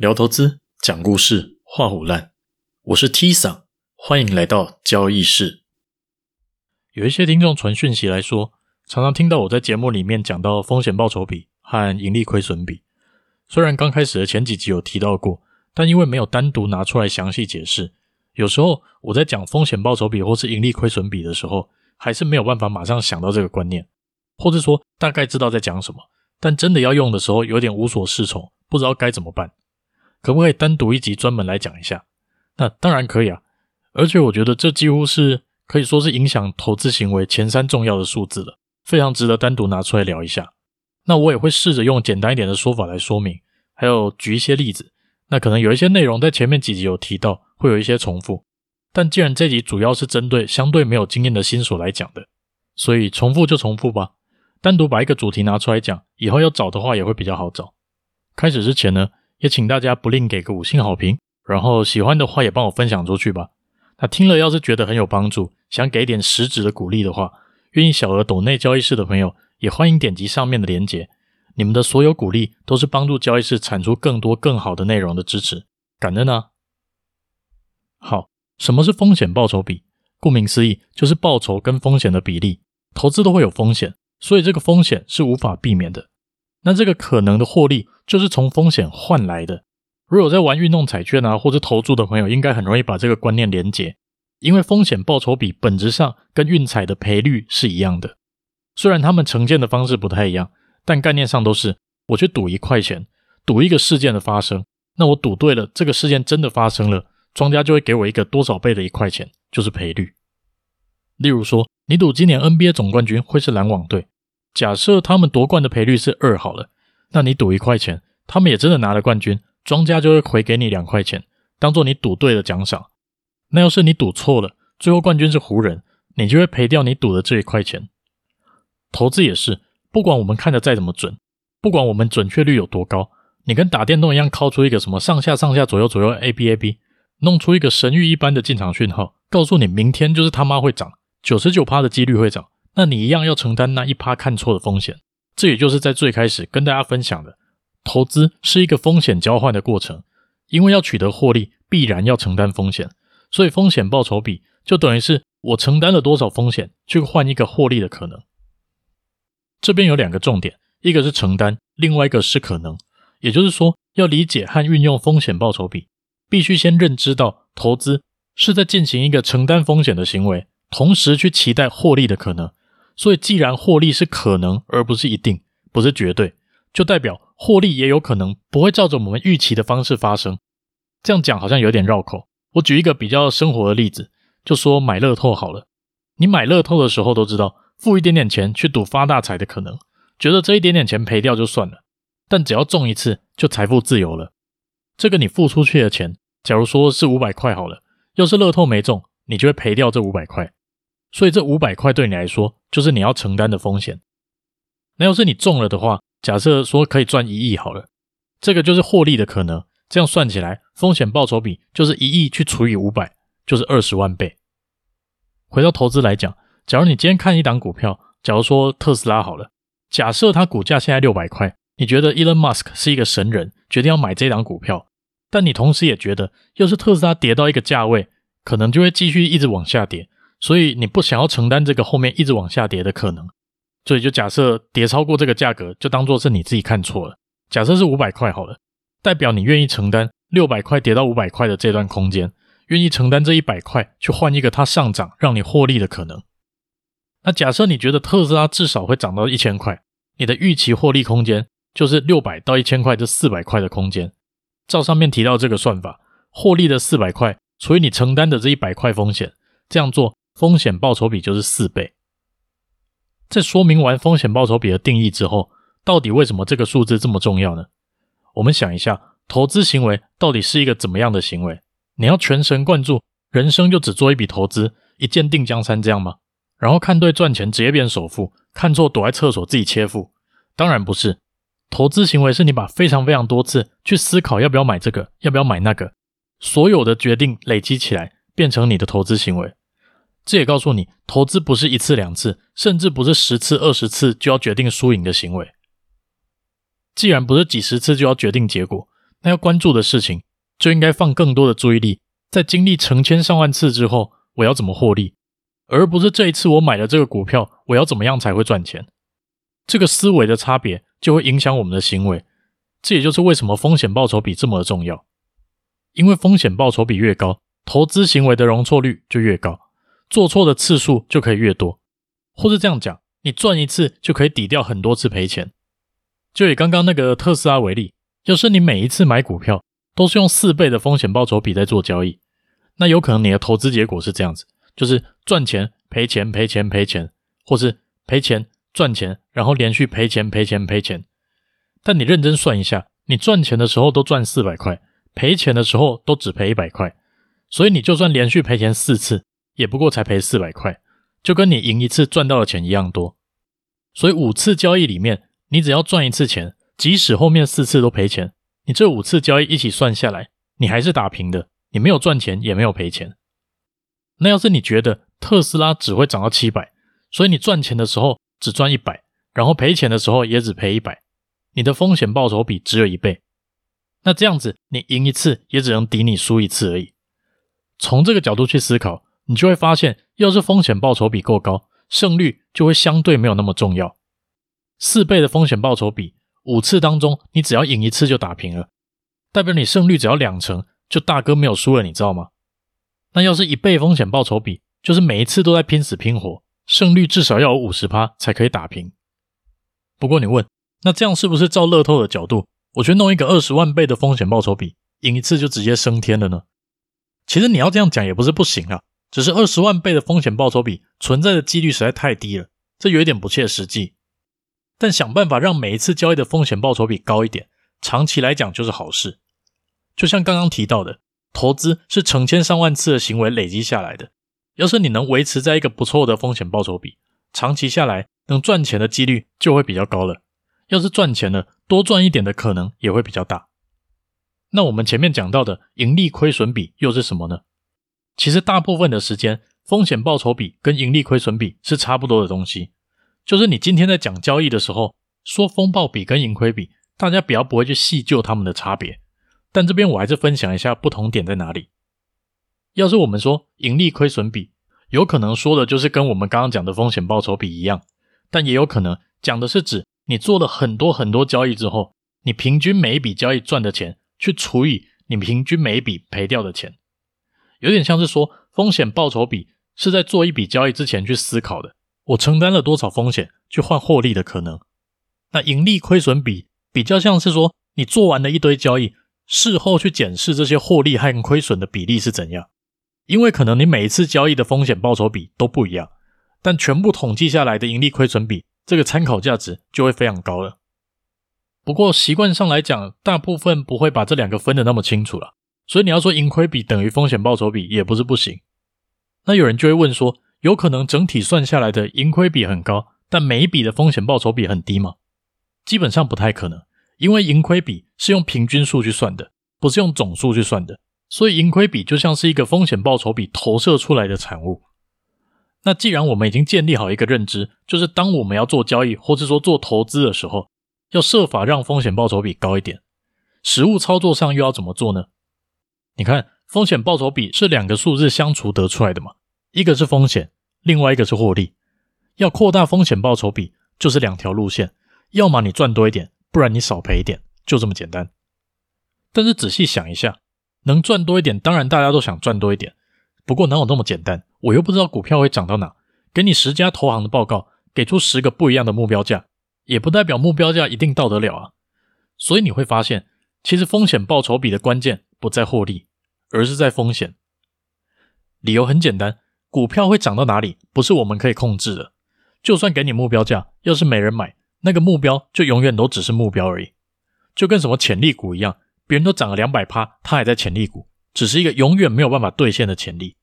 聊投資，講故事，話虎爛。我是 T 三，歡迎來到交易事。有一些聽眾傳訊息來說，常常聽到我在節目裡面講到風險報酬比和盈利虧損比。雖然剛開始的前幾集有提到過，但因為沒有單獨拿出來詳細解釋，有時候我在講風險報酬比或是盈利虧損比的時候，還是沒有辦法馬上想到這個觀念，或者說大概知道在講什麼，但真的要用的時候，有點無所適從，不知道該怎麼辦。可不可以單獨一集專門來講一下？那當然可以啊，而且我覺得這幾乎是可以說是影響投資行為前三重要的數字了，非常值得單獨拿出來聊一下。那我也會試着用簡單一點的說法來說明，還有舉一些例子。那可能有一些內容在前面幾集有提到，會有一些重複。但既然這集主要是針對相對沒有經驗的新手來講的，所以重複就重複吧。單獨把一個主題拿出來講，以後要找的話也會比較好找。開始之前呢，也請大家不吝給個五星好評，然後喜歡的話也幫我分享出去吧。那聽了要是覺得很有幫助，想給點實質的鼓勵的話，願意小額抖內交易事的朋友，也歡迎點擊上面的鏈接。你們的所有鼓勵都是幫助交易事產出更多更好的內容的支持，感恩啊！好，什麼是風險報酬比？顧名思義，就是報酬跟風險的比例。投資都會有風險，所以這個風險是無法避免的。那這個可能的獲利就是從風險換來的。如果在玩運動彩券啊，或者投注的朋友，應該很容易把這個觀念連結，因為風險報酬比本質上跟運彩的賠率是一樣的。雖然他們呈現的方式不太一樣，但概念上都是我去賭一塊錢，賭一個事件的發生。那我賭對了，這個事件真的發生了，莊家就會給我一個多少倍的一塊錢，就是賠率。例如說，你賭今年 NBA 總冠軍會是籃網隊。假設他們奪冠的賠率是二好了，那你賭一塊錢，他們也真的拿了冠軍，莊家就會回給你兩塊錢，當做你賭對的獎賞。那要是你賭錯了，最後冠軍是湖人，你就會賠掉你賭的這一塊錢。投資也是，不管我們看得再怎麼準，不管我們準確率有多高，你跟打電動一樣，掏出一個什麼上下上下左右左右 A B A B，弄出一個神諭一般的進場訊號，告訴你明天就是他媽會漲，九十九趴的幾率會漲。那你一樣要承擔那一趴看錯的風險，這也就是在最開始跟大家分享的，投資是一個風險交換的過程，因為要取得獲利，必然要承擔風險，所以風險報酬比就等於是我承擔了多少風險去換一個獲利的可能。這邊有兩個重點，一個是承擔，另外一個是可能，也就是說，要理解和運用風險報酬比，必須先認知到投資是在進行一個承擔風險的行為，同時去期待獲利的可能。所以，既然獲利是可能而不是一定，不是絕對，就代表獲利也有可能不會照着我們預期的方式發生。這樣講好像有點繞口。我舉一個比較生活的例子，就說買樂透好了。你買樂透的時候都知道，付一點點錢去賭發大財的可能，覺得這一點點錢賠掉就算了。但只要中一次，就財富自由了。這個你付出去的錢，假如說是五百塊好了，要是樂透沒中，你就會賠掉這五百塊。所以這五百塊對你來說就是你要承擔的風險。那要是你中了的話，假設說可以賺一億好了，這個就是獲利的可能。這樣算起來，風險報酬比就是一億去除以五百，就是二十萬倍。回到投資來講，假如你今天看一檔股票，假如說特斯拉好了，假設它股價現在六百塊，你覺得伊隆馬斯克是一個神人，決定要買這檔股票，但你同時也覺得，要是特斯拉跌到一個價位，可能就會繼續一直往下跌。所以你不想要承擔這個後面一直往下跌的可能，所以就假設跌超過這個價格，就當做是你自己看錯了。假設是五百塊好了，代表你願意承擔六百塊跌到五百塊的這段空間，願意承擔這一百塊去換一個它上漲讓你獲利的可能。那假設你覺得特斯拉至少會漲到一千塊，你的預期獲利空間就是六百到一千塊這四百塊的空間。照上面提到這個算法，獲利的四百塊除以你承擔的這一百塊風險，這樣做。風險報酬比就是四倍。在說明完風險報酬比的定義之後，到底為什麼這個數字這麼重要呢？我們想一下，投資行為到底是一個怎麼樣的行為？你要全神貫注，人生就只做一筆投資，一劍定江山這樣嗎？然後看對賺錢，直接變首富；看錯躲在廁所自己切腹。當然不是。投資行為是你把非常非常多次去思考要不要買這個，要不要買那個，所有的決定累積起來，變成你的投資行為。這也告訴你，投資不是一次兩次，甚至不是十次二十次就要決定輸贏的行為。既然不是幾十次就要決定結果，那要關注的事情就應該放更多的注意力。在經歷成千上萬次之後，我要怎麼獲利，而不是這一次我買了這個股票，我要怎麼樣才會賺錢。這個思維的差別就會影響我們的行為。這也就是為什麼風險報酬比這麼的重要，因為風險報酬比越高，投資行為的容錯率就越高。做錯的次數就可以越多，或是這樣講，你賺一次就可以抵掉很多次賠錢。就以剛剛那個特斯拉為例，就是你每一次買股票都是用四倍的風險報酬比在做交易，那有可能你的投資結果是這樣子：就是賺錢、賠錢、賠錢、賠錢，賠錢，或是賠錢、賺錢、賺錢，然後連續賠錢、賠錢、賠錢。但你認真算一下，你賺錢的時候都賺四百塊，賠錢的時候都只賠一百塊，所以你就算連續賠錢四次。也不過才賠四百塊，就跟你贏一次賺到的錢一樣多。所以五次交易裡面，你只要賺一次錢，即使後面四次都賠錢，你這五次交易一起算下來，你還是打平的，你沒有賺錢，也沒有賠錢。那要是你覺得特斯拉只會漲到七百，所以你賺錢的時候只賺一百，然後賠錢的時候也只賠一百，你的風險報酬比只有一倍。那這樣子，你贏一次也只能抵你輸一次而已。從這個角度去思考。你就會發現，要是風險報酬比夠高，勝率就會相對沒有那麼重要。四倍的風險報酬比，五次當中你只要贏一次就打平了，代表你勝率只要兩成，就大哥沒有輸了，你知道嗎？那要是一倍風險報酬比，就是每一次都在拼死拼活，勝率至少要有五十趴才可以打平。不過你問，那這樣是不是照樂透的角度，我去弄一個二十萬倍的風險報酬比，贏一次就直接升天了呢？其實你要這樣講也不是不行啊。只是二十萬倍的風險報酬比存在的幾率實在太低了，這有點不切實際。但想辦法讓每一次交易的風險報酬比高一點，長期來講就是好事。就像剛剛提到的，投資是成千上萬次的行為累積下來的。要是你能維持在一個不錯的風險報酬比，長期下來能賺錢的幾率就會比較高了。要是賺錢了，多賺一點的可能也會比較大。那我們前面講到的盈利虧損比又是什麼呢？其實大部分的時間，風險報酬比跟盈利虧損比是差不多的東西。就是你今天在講交易的時候，說風報比跟盈虧比，大家比較不會去細究他們的差別。但這邊我還是分享一下不同點在哪裡。要是我們說盈利虧損比，有可能說的就是跟我們剛剛講的風險報酬比一樣，但也有可能講的是指你做了很多很多交易之後，你平均每一筆交易賺的錢去除以你平均每一筆賠掉的錢。有點像是說風險報酬比是在做一筆交易之前去思考的，我承擔了多少風險去換獲利的可能。那盈利虧損比比較像是說，你做完了一堆交易，事後去檢視這些獲利和虧損的比例是怎樣。因為可能你每一次交易的風險報酬比都不一樣，但全部統計下來的盈利虧損比，這個參考價值就會非常高了。不過習慣上來講，大部分不會把這兩個分得那麼清楚了。所以你要說盈虧比等於風險報酬比也不是不行。那有人就會問說，有可能整體算下來的盈虧比很高，但每一筆的風險報酬比很低嗎？基本上不太可能，因為盈虧比是用平均數去算的，不是用總數去算的。所以盈虧比就像是一個風險報酬比投射出來的產物。那既然我們已經建立好一個認知，就是當我們要做交易，或是說做投資的時候，要設法讓風險報酬比高一點。實務操作上又要怎麼做呢？你看，風險報酬比是兩個數字相除得出來的嘛？一個是風險，另外一個是獲利。要擴大風險報酬比，就是兩條路線：要麼你賺多一點，不然你少賠一點，就這麼簡單。但是仔細想一下，能賺多一點，當然大家都想賺多一點。不過哪有那麼簡單？我又不知道股票會漲到哪。給你十家投行的報告，給出十個不一樣的目標價，也不代表目標價一定到得了啊。所以你會發現，其實風險報酬比的關鍵，不在獲利，而是在風險。理由很簡單，股票會漲到哪裡，不是我們可以控制的。就算給你目標價，要是沒人買，那個目標就永遠都只是目標而已。就跟什麼潛力股一樣，別人都漲了兩百趴，它還在潛力股，只是一個永遠沒有辦法兌現的潛力。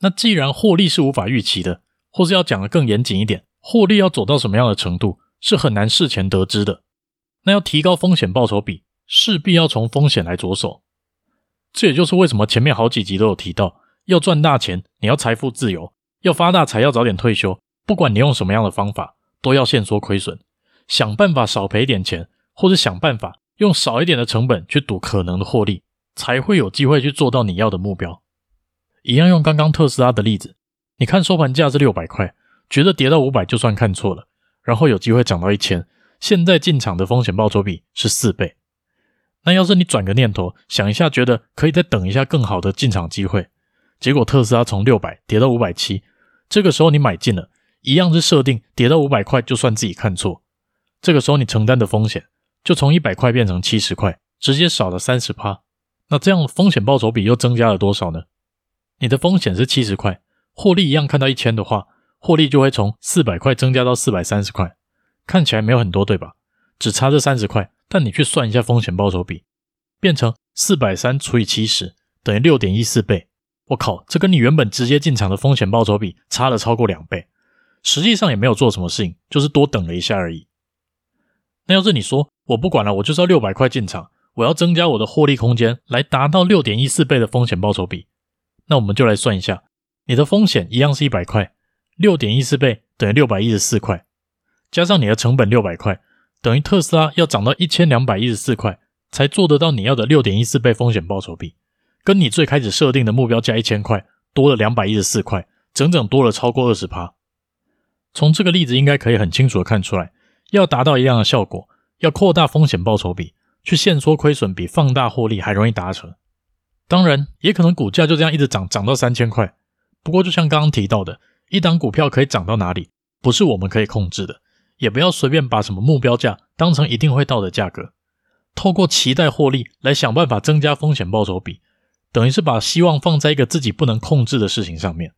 那既然獲利是無法預期的，或是要講得更嚴謹一點，獲利要走到什麼樣的程度是很難事前得知的。那要提高風險報酬比，勢必要從風險來着手。這也就是為什麼前面好幾集都有提到，要賺大錢，你要財富自由，要發大財，要早點退休。不管你用什麼樣的方法，都要限縮虧損，想辦法少賠一點錢，或是想辦法用少一點的成本去賭可能的獲利，才會有機會去做到你要的目標。一樣用剛剛特斯拉的例子，你看收盤價是六百塊，覺得跌到五百就算看錯了，然後有機會漲到一千，現在進場的風險報酬比是四倍。那要是你轉個念頭，想一下，覺得可以再等一下更好的進場機會，結果特斯拉從六百跌到五百七，這個時候你買進了，一樣是設定，跌到五百塊就算自己看錯，這個時候你承擔的風險就從一百塊變成七十塊，直接少了三十趴。那這樣風險報酬比又增加了多少呢？你的風險是七十塊，獲利一樣看到一千的話，獲利就會從四百塊增加到四百三十塊，看起來沒有很多，對吧？只差這三十塊。但你去算一下風險報酬比，變成四百三除以七十等於六點一四倍。我靠，這跟你原本直接進場的風險報酬比差了超過兩倍。實際上也沒有做什麼事情，就是多等了一下而已。那要是你說我不管了，我就是要六百塊進場，我要增加我的獲利空間來達到六點一四倍的風險報酬比，那我們就來算一下，你的風險一樣是一百塊，六點一四倍等於六百一十四塊，加上你的成本六百塊。等於特斯拉要漲到一千兩百一十四塊，才做得到你要的六點一四倍風險報酬比，跟你最開始設定的目標價一千塊多了兩百一十四塊，整整多了超過二十趴。從這個例子應該可以很清楚地看出來，要達到一樣的效果，要擴大風險報酬比，去限縮虧損比放大獲利還容易達成。當然，也可能股價就這樣一直漲，漲到三千塊。不過，就像剛剛提到的，一檔股票可以漲到哪裡，不是我們可以控制的。也不要隨便把什麼目標價當成一定會到的價格，透過期待獲利來想辦法增加風險報酬比，等於是把希望放在一個自己不能控制的事情上面。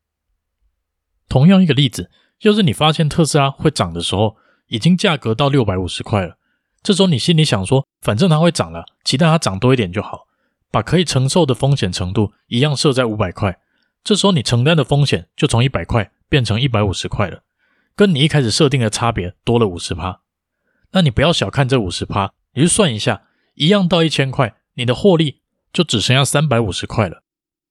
同樣一個例子，就是你發現特斯拉會漲的時候，已經價格到六百五十塊了，這時候你心裡想說，反正它會漲了，期待它漲多一點就好，把可以承受的風險程度一樣設在五百塊，這時候你承擔的風險就從一百塊變成一百五十塊了。跟你一開始設定的差別多了五十趴。那你不要小看這五十趴，你就算一下，一樣到一千塊，你的獲利就只剩下三百五十塊了，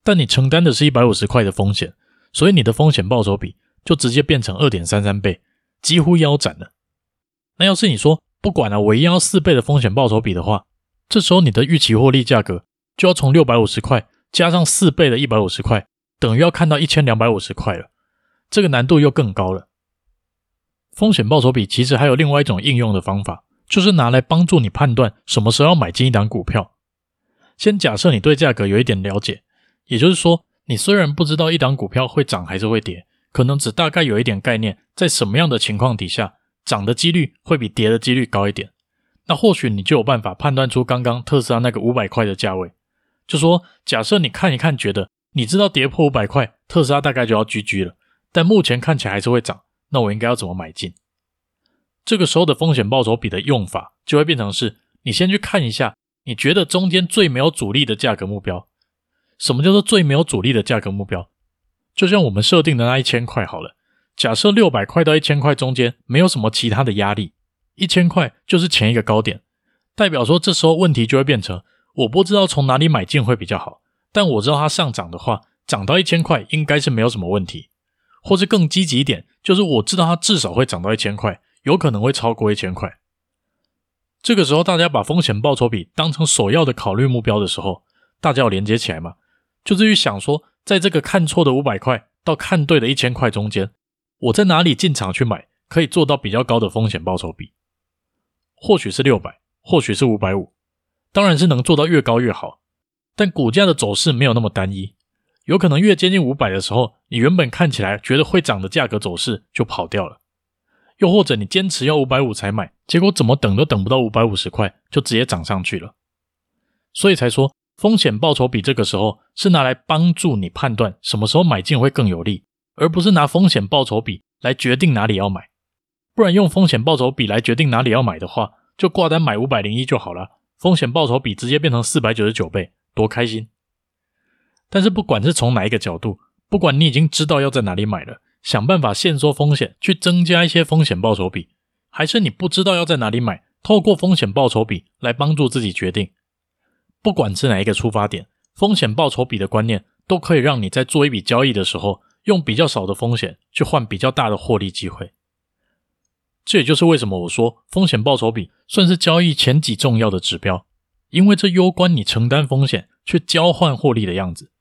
但你承擔的是一百五十塊的風險，所以你的風險報酬比就直接變成二點三三倍，幾乎腰斬了。那要是你說不管了、啊，我一定要四倍的風險報酬比的話，這時候你的預期獲利價格就要從六百五十塊加上四倍的一百五十塊，等於要看到一千兩百五十塊了，這個難度又更高了。風險報酬比其實還有另外一種應用的方法，就是拿來幫助你判斷什麼時候要買進一檔股票。先假設你對價格有一點了解，也就是說，你雖然不知道一檔股票會漲還是會跌，可能只大概有一點概念，在什麼樣的情況底下，漲的幾率會比跌的幾率高一點。那或許你就有辦法判斷出剛剛特斯拉那個五百塊的價位。就說，假設你看一看，覺得你知道跌破五百塊，特斯拉大概就要 GG 了，但目前看起來還是會漲。那我應該要怎麼買進？這個時候的風險報酬比的用法就會變成是：你先去看一下，你覺得中間最沒有阻力的價格目標。什麼叫做最沒有阻力的價格目標？就像我們設定的那一千塊好了。假設六百塊到一千塊中間沒有什麼其他的壓力，一千塊就是前一個高點，代表說這時候問題就會變成：我不知道從哪裡買進會比較好，但我知道它上漲的話，漲到一千塊應該是沒有什麼問題，或是更積極一點。就是我知道它至少會漲到一千塊，有可能會超過一千塊。這個時候，大家把風險報酬比當成首要的考慮目標的時候，大家要連接起來嘛。就是去想說，在這個看錯的五百塊到看對的一千塊中間，我在哪裡進場去買，可以做到比較高的風險報酬比？或許是六百，或許是五百五，當然是能做到越高越好。但股價的走勢沒有那麼單一。有可能越接近五百的時候，你原本看起來覺得會漲的價格走勢就跑掉了，又或者你堅持要五百五才買，結果怎麼等都等不到五百五十塊，就直接漲上去了。所以才說風險報酬比這個時候是拿來幫助你判斷什麼時候買進會更有利，而不是拿風險報酬比來決定哪裡要買。不然用風險報酬比來決定哪裡要買的話，就掛單買五百零一就好了，風險報酬比直接變成四百九十九倍，多開心！但是不管是從哪一個角度，不管你已經知道要在哪裡買了，想辦法限縮風險，去增加一些風險報酬比，還是你不知道要在哪裡買，透過風險報酬比來幫助自己決定，不管是哪一個出發點，風險報酬比的觀念都可以讓你在做一筆交易的時候，用比較少的風險去換比較大的獲利機會。這也就是為什麼我說風險報酬比算是交易前幾重要的指標，因為這攸關你承擔風險去交換獲利的樣子。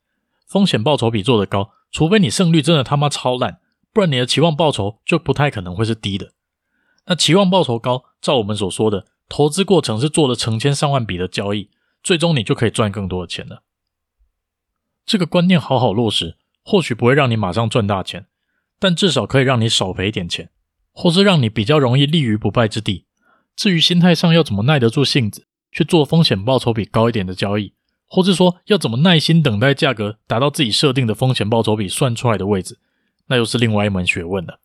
風險報酬比做得高，除非你勝率真的他媽超爛，不然你的期望報酬就不太可能會是低的。那期望報酬高，照我們所說的，投資過程是做了成千上萬筆的交易，最終你就可以賺更多的錢了。這個觀念好好落實，或許不會讓你馬上賺大錢，但至少可以讓你少賠一點錢，或是讓你比較容易立於不敗之地。至於心態上要怎麼耐得住性子去做風險報酬比高一點的交易？或是說要怎麼耐心等待價格達到自己設定的風險報酬比算出來的位置，那又是另外一門學問了。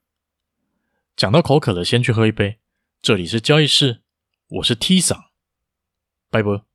講到口渴了，先去喝一杯。這裡是交易事，我是 T 桑，拜拜。